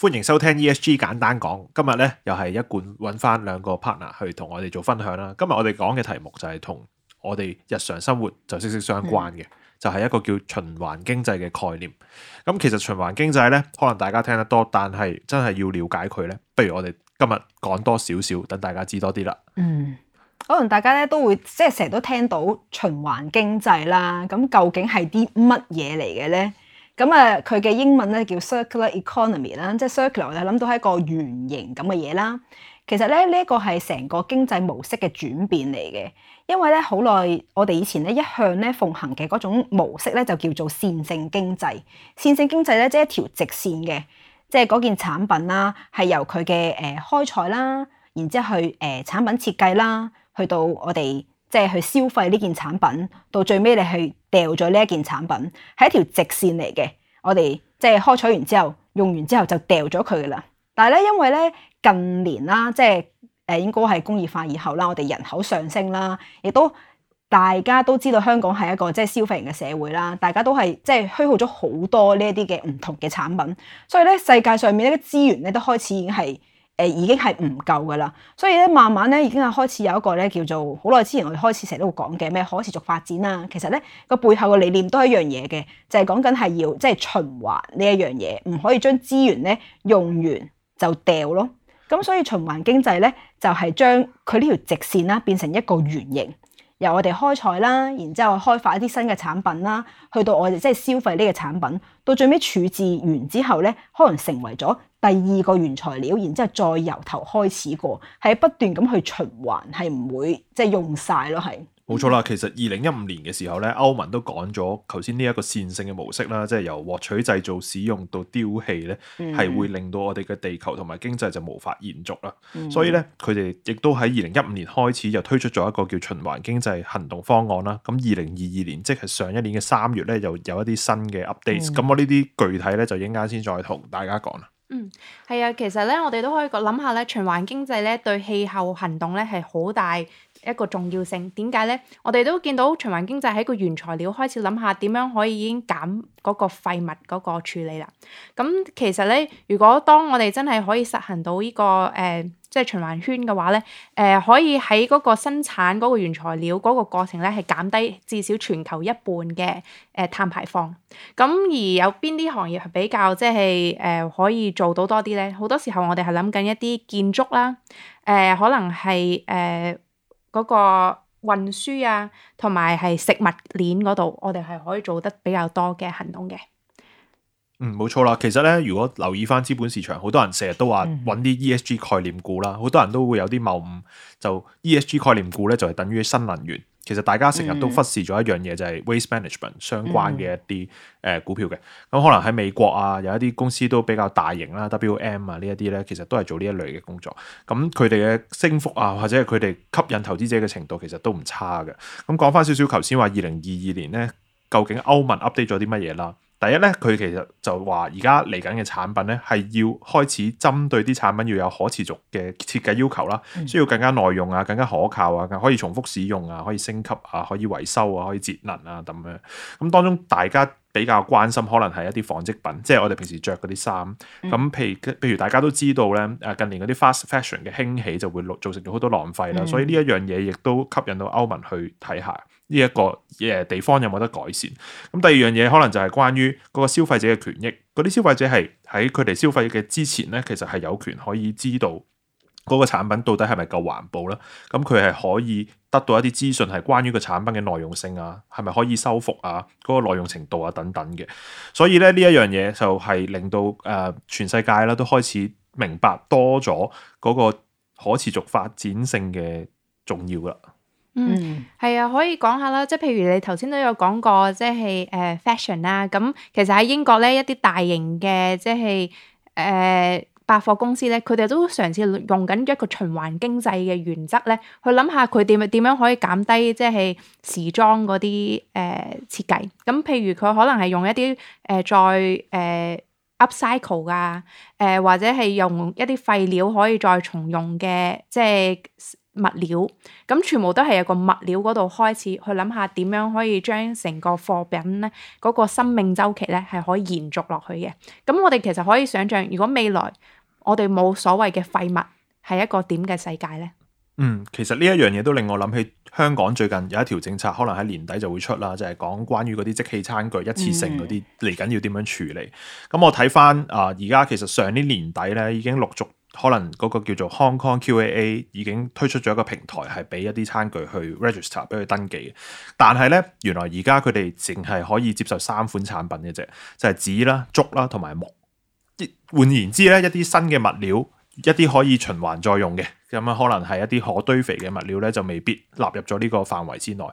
歡迎收聽 E S G 簡單講，今日咧又係一貫揾翻兩個 partner 去同我哋做分享啦。今日我哋講嘅題目就係同我哋日常生活就息息相關嘅，嗯、就係一個叫循環經濟嘅概念。咁其實循環經濟咧，可能大家聽得多，但係真係要了解佢咧，不如我哋今日講多少少，等大家知多啲啦。嗯，可能大家咧都會即係成日都聽到循環經濟啦，咁究竟係啲乜嘢嚟嘅咧？咁啊，佢嘅英文咧叫 circular economy 啦，即係 circular，你諗到係一個圓形咁嘅嘢啦。其實咧，呢一個係成個經濟模式嘅轉變嚟嘅，因為咧好耐我哋以前咧一向咧奉行嘅嗰種模式咧就叫做線性經濟。線性經濟咧即係一條直線嘅，即係嗰件產品啦，係由佢嘅誒開採啦，然之後去誒、呃、產品設計啦，去到我哋即係去消費呢件產品，到最尾你去掉咗呢一件產品，係一條直線嚟嘅。我哋即係開採完之後，用完之後就掉咗佢噶啦。但係咧，因為咧近年啦，即係誒，應該係工業化以後啦，我哋人口上升啦，亦都大家都知道香港係一個即係消費型嘅社會啦，大家都係即係虛耗咗好多呢一啲嘅唔同嘅產品，所以咧世界上面咧啲資源咧都開始已經係。誒已經係唔夠㗎喇，所以咧慢慢咧已經係開始有一個咧叫做好耐之前我哋開始成日都會講嘅咩可持續發展啦、啊。其實咧個背後嘅理念都係一樣嘢嘅，就係講緊係要即係、就是、循環呢一樣嘢，唔可以將資源咧用完就掉咯。咁所以循環經濟咧就係將佢呢條直線啦變成一個圓形。由我哋開採啦，然之後開發一啲新嘅產品啦，去到我哋即係消費呢個產品，到最尾處置完之後呢，可能成為咗第二個原材料，然之後再由頭開始過，係不斷咁去循環，係唔會即係、就是、用曬咯，係。冇錯啦，其實二零一五年嘅時候咧，歐盟都講咗，頭先呢一個線性嘅模式啦，即係由獲取、製造、使用到丟棄咧，係、嗯、會令到我哋嘅地球同埋經濟就無法延續啦。嗯、所以咧，佢哋亦都喺二零一五年開始就推出咗一個叫循環經濟行動方案啦。咁二零二二年，即係上一年嘅三月咧，又有一啲新嘅 update。咁、嗯、我呢啲具體咧，就一陣間先再同大家講啦。嗯，係啊，其實咧，我哋都可以諗下咧，循環經濟咧對氣候行動咧係好大一個重要性點解呢？我哋都見到循環經濟喺個原材料開始諗下點樣可以已經減嗰個廢物嗰個處理啦。咁其實呢，如果當我哋真係可以實行到呢、個誒、呃，即係循環圈嘅話呢，誒、呃、可以喺嗰個生產嗰個原材料嗰個過程呢，係減低至少全球一半嘅誒碳排放。咁而有邊啲行業係比較即係誒、呃、可以做到多啲呢？好多時候我哋係諗緊一啲建築啦，誒、呃、可能係誒。呃嗰個運輸啊，同埋係食物鏈嗰度，我哋係可以做得比較多嘅行動嘅。嗯，冇錯啦。其實咧，如果留意返資本市場，好多人成日都話揾啲 ESG 概念股啦，好多人都會有啲謬誤，就 ESG 概念股咧就係、是、等於新能源。其實大家成日都忽視咗一樣嘢，就係、是、Waste Management 相關嘅一啲誒股票嘅。咁、嗯、可能喺美國啊，有一啲公司都比較大型啦 WM 啊呢一啲咧，其實都係做呢一類嘅工作。咁佢哋嘅升幅啊，或者係佢哋吸引投資者嘅程度，其實都唔差嘅。咁講翻少少，頭先話二零二二年咧，究竟歐盟 update 咗啲乜嘢啦？第一咧，佢其實就話而家嚟緊嘅產品咧，係要開始針對啲產品要有可持續嘅設計要求啦，需要更加耐用啊、更加可靠啊、更可以重複使用啊、可以升級啊、可以維修啊、可以節能啊咁樣。咁當中大家比較關心，可能係一啲紡織品，即係我哋平時着嗰啲衫。咁、嗯、譬如譬如大家都知道咧，誒近年嗰啲 fast fashion 嘅興起就會造成咗好多浪費啦，嗯、所以呢一樣嘢亦都吸引到歐盟去睇下。呢一個誒地方有冇得改善？咁第二樣嘢可能就係關於嗰個消費者嘅權益。嗰啲消費者係喺佢哋消費嘅之前咧，其實係有權可以知道嗰個產品到底係咪夠環保啦。咁佢係可以得到一啲資訊係關於個產品嘅耐用性啊，係咪可以修復啊，嗰、那個耐用程度啊等等嘅。所以咧呢一樣嘢就係令到誒、呃、全世界啦都開始明白多咗嗰個可持續發展性嘅重要啦。嗯，係啊，可以講下啦，即係譬如你頭先都有講過，即係誒、uh, fashion 啦，咁其實喺英國咧一啲大型嘅即係誒、uh, 百貨公司咧，佢哋都嘗試用緊一個循環經濟嘅原則咧，去諗下佢點點樣可以減低即係時裝嗰啲誒設計，咁、uh, 譬如佢可能係用一啲誒、呃、再誒 upcycle 啊，誒、uh, 呃、或者係用一啲廢料可以再重用嘅，即係。物料咁全部都係一個物料嗰度開始去諗下點樣可以將成個貨品咧嗰、那個生命周期咧係可以延續落去嘅。咁我哋其實可以想象，如果未來我哋冇所謂嘅廢物，係一個點嘅世界呢？嗯，其實呢一樣嘢都令我諗起香港最近有一條政策，可能喺年底就會出啦，就係、是、講關於嗰啲即棄餐具、一次性嗰啲嚟緊要點樣處理。咁我睇翻啊，而、呃、家其實上年年底咧已經陸續。可能嗰個叫做 Hong Kong QAA 已經推出咗一個平台，係俾一啲餐具去 register，俾佢登記嘅。但係咧，原來而家佢哋淨係可以接受三款產品嘅啫，就係紙啦、竹啦同埋木。換言之咧，一啲新嘅物料。一啲可以循環再用嘅咁啊，可能係一啲可堆肥嘅物料咧，就未必納入咗呢個範圍之內。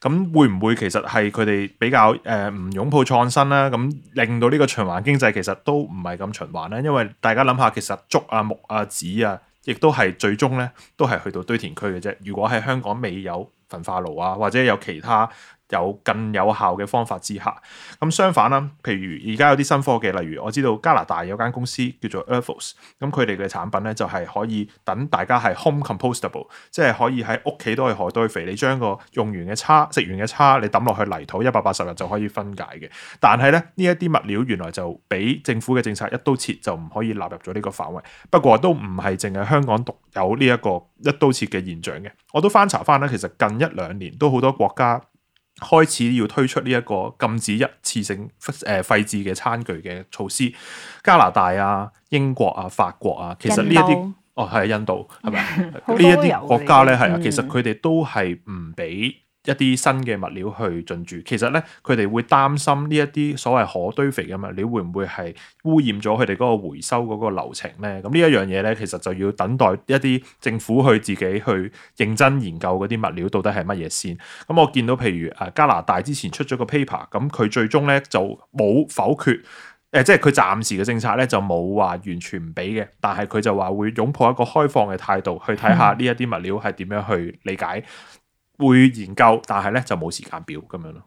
咁會唔會其實係佢哋比較誒唔擁抱創新啦？咁令到呢個循環經濟其實都唔係咁循環咧。因為大家諗下，其實竹啊、木啊、紙啊，亦都係最終咧都係去到堆填區嘅啫。如果喺香港未有焚化爐啊，或者有其他。有更有效嘅方法之下，咁相反啦。譬如而家有啲新科技，例如我知道加拿大有間公司叫做 Earthos，咁佢哋嘅產品咧就係、是、可以等大家係 home compostable，即係可以喺屋企都可以可堆肥。你將個用完嘅叉、食完嘅叉，你抌落去泥土一百八十日就可以分解嘅。但係咧呢一啲物料原來就俾政府嘅政策一刀切，就唔可以納入咗呢個範圍。不過都唔係淨係香港獨有呢一個一刀切嘅現象嘅。我都翻查翻咧，其實近一兩年都好多國家開始要推出呢一個禁止一次性誒廢置嘅餐具嘅措施，加拿大啊、英國啊、法國啊，其實呢一啲哦係印度係咪？呢一啲國家咧係啊，嗯、其實佢哋都係唔俾。一啲新嘅物料去進駐，其實咧佢哋會擔心呢一啲所謂可堆肥嘅物料會唔會係污染咗佢哋嗰個回收嗰個流程咧？咁、嗯、呢一樣嘢咧，其實就要等待一啲政府去自己去認真研究嗰啲物料到底係乜嘢先。咁、嗯、我見到譬如啊加拿大之前出咗個 paper，咁佢最終咧就冇否決，誒、呃、即係佢暫時嘅政策咧就冇話完全唔俾嘅，但係佢就話會擁抱一個開放嘅態度去睇下呢一啲物料係點樣去理解、嗯。會研究，但係咧就冇時間表咁樣咯。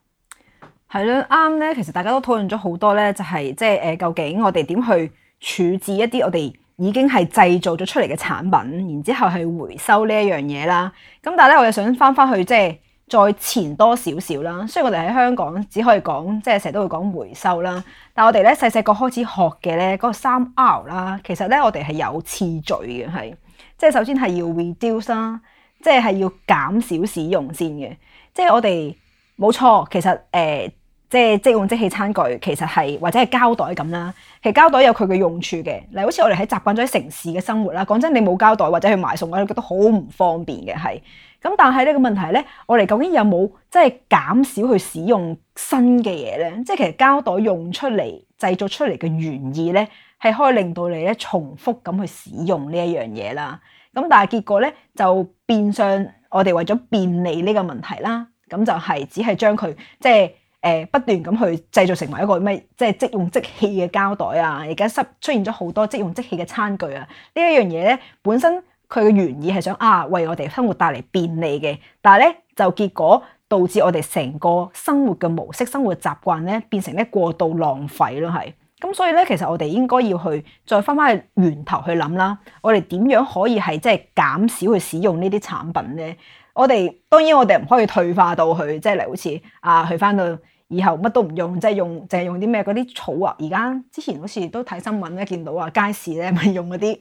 係咯，啱咧。其實大家都討論咗好多咧、就是，就係即係誒，究竟我哋點去處置一啲我哋已經係製造咗出嚟嘅產品，然之後係回收呢一樣嘢啦。咁但係咧、就是，我又想翻翻去即係再前多少少啦。雖然我哋喺香港只可以講，即係成日都會講回收啦，但係我哋咧細細個開始學嘅咧嗰個三 R 啦，其實咧我哋係有次序嘅，係即係首先係要 reduce 啦。即係要減少使用先嘅，即係我哋冇錯，其實誒、呃，即係即用即棄餐具，其實係或者係膠袋咁啦。其實膠袋有佢嘅用處嘅，嗱，好似我哋喺習慣咗喺城市嘅生活啦。講真，你冇膠袋或者去買餸，我都覺得好唔方便嘅，係。咁但係呢個問題咧，我哋究竟有冇即係減少去使用新嘅嘢咧？即係其實膠袋用出嚟製作出嚟嘅原意咧，係可以令到你咧重複咁去使用呢一樣嘢啦。咁但係結果咧，就變相我哋為咗便利呢個問題啦，咁就係只係將佢即係誒、呃、不斷咁去製造成為一個咩，即係即用即棄嘅膠袋啊！而家出出現咗好多即用即棄嘅餐具啊！呢一樣嘢咧，本身佢嘅原意係想啊為我哋生活帶嚟便利嘅，但係咧就結果導致我哋成個生活嘅模式、生活習慣咧變成咧過度浪費咯，係。咁所以咧，其實我哋應該要去再翻翻去源頭去諗啦。我哋點樣可以係即係減少去使用呢啲產品咧？我哋當然我哋唔可以退化到去，即係嚟好似啊，去翻到以後乜都唔用，即係用淨係用啲咩嗰啲草啊。而家之前好似都睇新聞咧，見到啊街市咧咪用嗰啲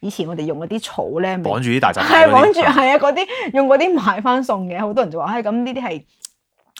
以前我哋用嗰啲草咧，綁住啲大閘，係綁住係啊嗰啲用嗰啲買翻送嘅，好多人就話唉，咁呢啲係。這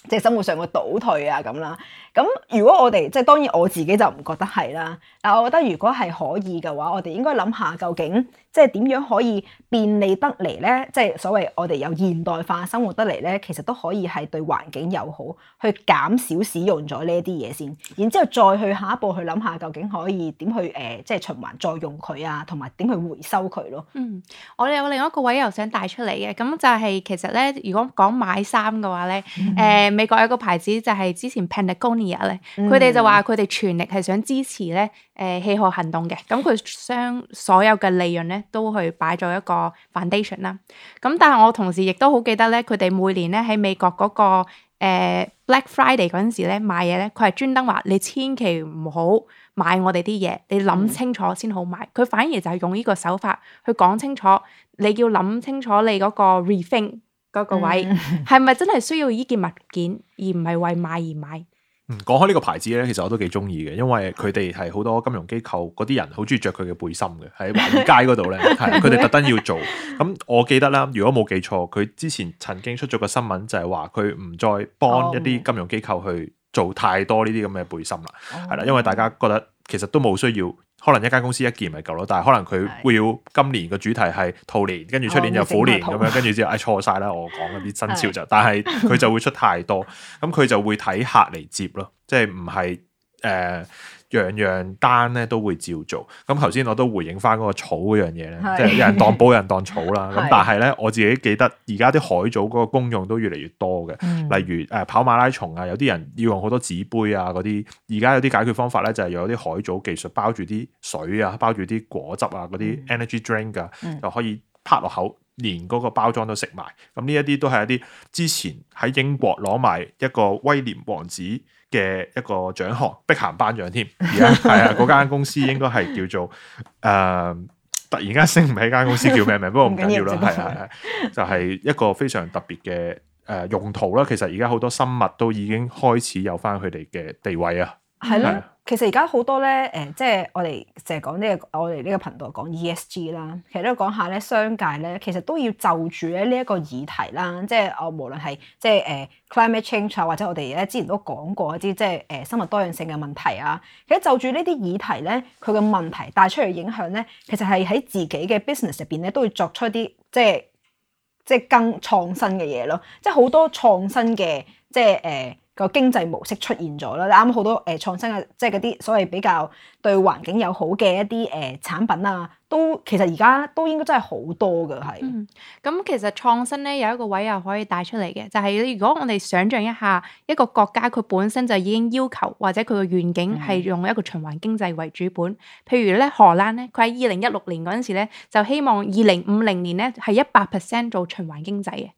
即係生活上嘅倒退啊咁啦，咁如果我哋即係，當然我自己就唔覺得係啦。嗱，但我覺得如果係可以嘅話，我哋應該諗下究竟即係點樣可以便利得嚟咧？即係所謂我哋有現代化生活得嚟咧，其實都可以係對環境友好，去減少使用咗呢一啲嘢先。然之後再去下一步去諗下究竟可以點去誒、呃，即係循環再用佢啊，同埋點去回收佢咯。嗯，我哋有另外一個位又想帶出嚟嘅，咁就係其實咧，如果講買衫嘅話咧，誒、嗯呃、美國有個牌子就係之前 Patagonia 咧，佢哋就話佢哋全力係想支持咧。誒氣候行動嘅，咁佢將所有嘅利潤咧都去擺咗一個 foundation 啦。咁但係我同時亦都好記得咧，佢哋每年咧喺美國嗰、那個誒、呃、Black Friday 嗰陣時咧買嘢咧，佢係專登話你千祈唔好買我哋啲嘢，你諗清楚先好買。佢、嗯、反而就係用呢個手法去講清楚，你要諗清楚你嗰個 refine 嗰個位係咪、嗯、真係需要依件物件，而唔係為買而買。講開呢個牌子咧，其實我都幾中意嘅，因為佢哋係好多金融機構嗰啲人好中意着佢嘅背心嘅，喺華爾街嗰度咧，係佢哋特登要做。咁我記得啦，如果冇記錯，佢之前曾經出咗個新聞，就係話佢唔再幫一啲金融機構去做太多呢啲咁嘅背心啦，係啦、oh.，因為大家覺得其實都冇需要。可能一間公司一件咪夠咯，但係可能佢會要今年嘅主題係兔年，跟住出年又虎年咁樣，哦、 跟住之後唉錯晒啦！我講嗰啲新潮就， 但係佢就會出太多，咁佢 就會睇客嚟接咯，即係唔係誒？呃樣樣單咧都會照做。咁頭先我都回應翻嗰個草嗰樣嘢咧，是即係有人當煲有人當草啦。咁 但係咧， 我自己記得而家啲海藻嗰個功用都越嚟越多嘅。嗯、例如誒跑馬拉松啊，有啲人要用好多紙杯啊嗰啲。而家有啲解決方法咧，就係有啲海藻技術包住啲水啊，包住啲果汁啊嗰啲 energy drink 噶、啊，嗯、就可以啪落口，連嗰個包裝都食埋。咁呢一啲都係一啲之前喺英國攞埋一個威廉王子。嘅一個獎項，碧咸頒獎添，而家係啊，嗰間公司應該係叫做誒、呃，突然間升唔起間公司叫咩名，名，不過唔緊要啦，係 張啊，就係、是、一個非常特別嘅誒用途啦。其實而家好多生物都已經開始有翻佢哋嘅地位 啊，係啊。其實而家好多咧，誒、呃，即係我哋成日講呢、這個，我哋呢個頻道講 ESG 啦。其實都講下咧，商界咧，其實都要就住咧呢一個議題啦，即係我無論係即係誒、呃、climate change 啊，或者我哋咧之前都講過一啲即係誒、呃、生物多樣性嘅問題啊。其實就住呢啲議題咧，佢嘅問題帶出嚟嘅影響咧，其實係喺自己嘅 business 入邊咧，都會作出一啲即係即係更創新嘅嘢咯。即係好多創新嘅即係誒。呃個經濟模式出現咗啦，啱啱好多誒、呃、創新嘅，即係嗰啲所謂比較對環境友好嘅一啲誒、呃、產品啊，都其實而家都應該真係好多㗎，係。咁、嗯、其實創新呢有一個位又可以帶出嚟嘅，就係、是、如果我哋想象一下一個國家，佢本身就已經要求或者佢嘅願景係用一個循環經濟為主本。嗯、譬如呢，荷蘭呢，佢喺二零一六年嗰陣時呢，就希望二零五零年呢係一百 percent 做循環經濟嘅。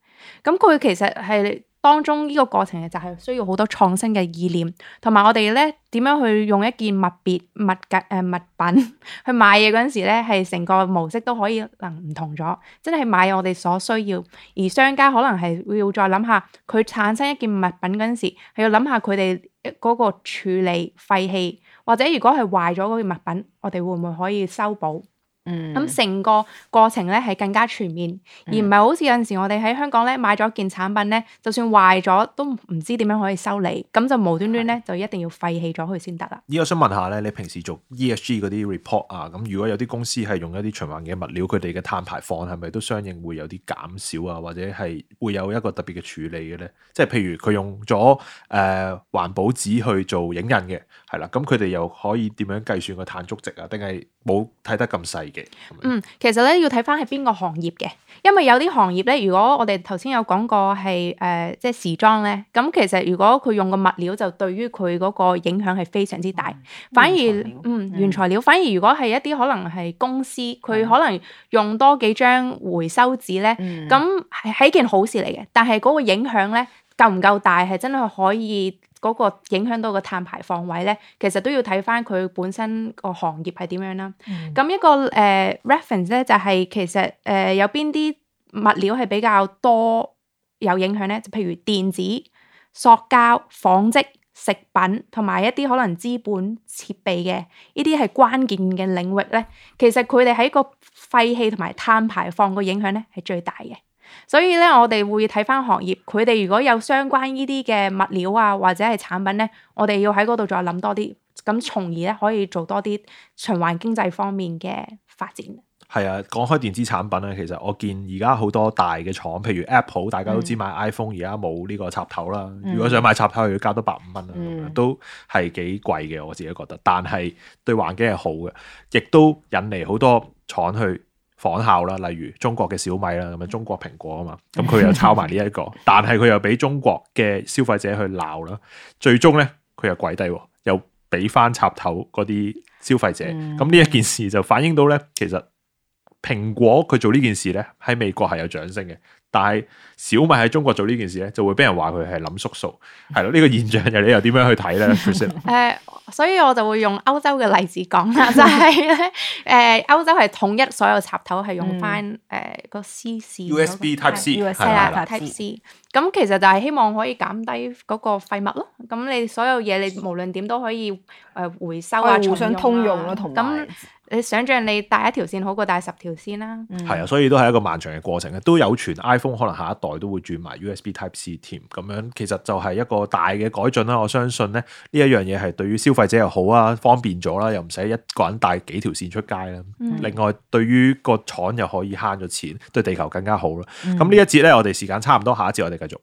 咁佢其實係。當中呢個過程就係需要好多創新嘅意念，同埋我哋咧，點樣去用一件物別物格誒、物品去買嘢嗰陣時咧，係成個模式都可以能唔同咗，即係買我哋所需要，而商家可能係要再諗下佢產生一件物品嗰陣時，係要諗下佢哋嗰個處理廢棄，或者如果係壞咗嗰件物品，我哋會唔會可以修補？咁成、嗯、個過程咧係更加全面，嗯、而唔係好似有陣時我哋喺香港咧買咗件產品咧，就算壞咗都唔知點樣可以修理，咁就無端端咧、嗯、就一定要廢棄咗佢先得啦。依家想問下咧，你平時做 ESG 嗰啲 report 啊，咁如果有啲公司係用一啲循環嘅物料，佢哋嘅碳排放係咪都相應會有啲減少啊，或者係會有一個特別嘅處理嘅咧？即係譬如佢用咗誒環保紙去做影印嘅。係啦，咁佢哋又可以點樣計算個碳足跡啊？定係冇睇得咁細嘅？嗯，其實咧要睇翻係邊個行業嘅，因為有啲行業咧，如果我哋頭先有講過係誒、呃、即係時裝咧，咁其實如果佢用個物料就對於佢嗰個影響係非常之大，嗯、反而嗯原材料，反而如果係一啲可能係公司，佢可能用多幾張回收紙咧，咁係係一件好事嚟嘅，但係嗰個影響咧夠唔夠大，係真係可以。嗰個影響到個碳排放位咧，其實都要睇返佢本身個行業係點樣啦。咁、嗯、一個誒、uh, reference 咧，就係、是、其實誒、uh, 有邊啲物料係比較多有影響咧？就譬如電子、塑膠、紡織、食品同埋一啲可能資本設備嘅呢啲係關鍵嘅領域咧。其實佢哋喺個廢氣同埋碳排放個影響咧係最大嘅。所以咧，我哋會睇翻行業，佢哋如果有相關呢啲嘅物料啊，或者係產品咧，我哋要喺嗰度再諗多啲，咁從而咧可以做多啲循環經濟方面嘅發展。係啊，講開電子產品咧，其實我見而家好多大嘅廠，譬如 Apple，大家都知買 iPhone 而家冇呢個插頭啦。嗯、如果想買插頭，要加多百五蚊啊，都係幾貴嘅。我自己覺得，但係對環境係好嘅，亦都引嚟好多廠去仿效啦，例如中國嘅小米啦，咁樣中國蘋果啊嘛，咁佢 又抄埋呢一個，但係佢又俾中國嘅消費者去鬧啦，最終咧佢又跪低，又俾翻插頭嗰啲消費者，咁呢一件事就反映到咧，其實蘋果佢做呢件事咧喺美國係有掌聲嘅。但係小米喺中國做呢件事咧，就會俾人話佢係諗縮數，係咯？呢個現象又你又點樣去睇咧？誒，所以我就會用歐洲嘅例子講啦，就係誒歐洲係統一所有插頭係用翻誒個 C C U S B Type C 係啦，Type C 咁其實就係希望可以減低嗰個廢物咯。咁你所有嘢你無論點都可以誒回收啊，互相通用咯，同埋。你想象你帶一條線好過帶十條線啦，係啊、嗯，所以都係一個漫長嘅過程嘅，都有傳 iPhone 可能下一代都會轉埋 USB Type C 添咁樣，其實就係一個大嘅改進啦。我相信咧呢一樣嘢，係對於消費者又好啊，方便咗啦，又唔使一個人帶幾條線出街啦。嗯、另外對於個廠又可以慳咗錢，對地球更加好咯。咁呢一節咧，我哋時間差唔多，下一節我哋繼續。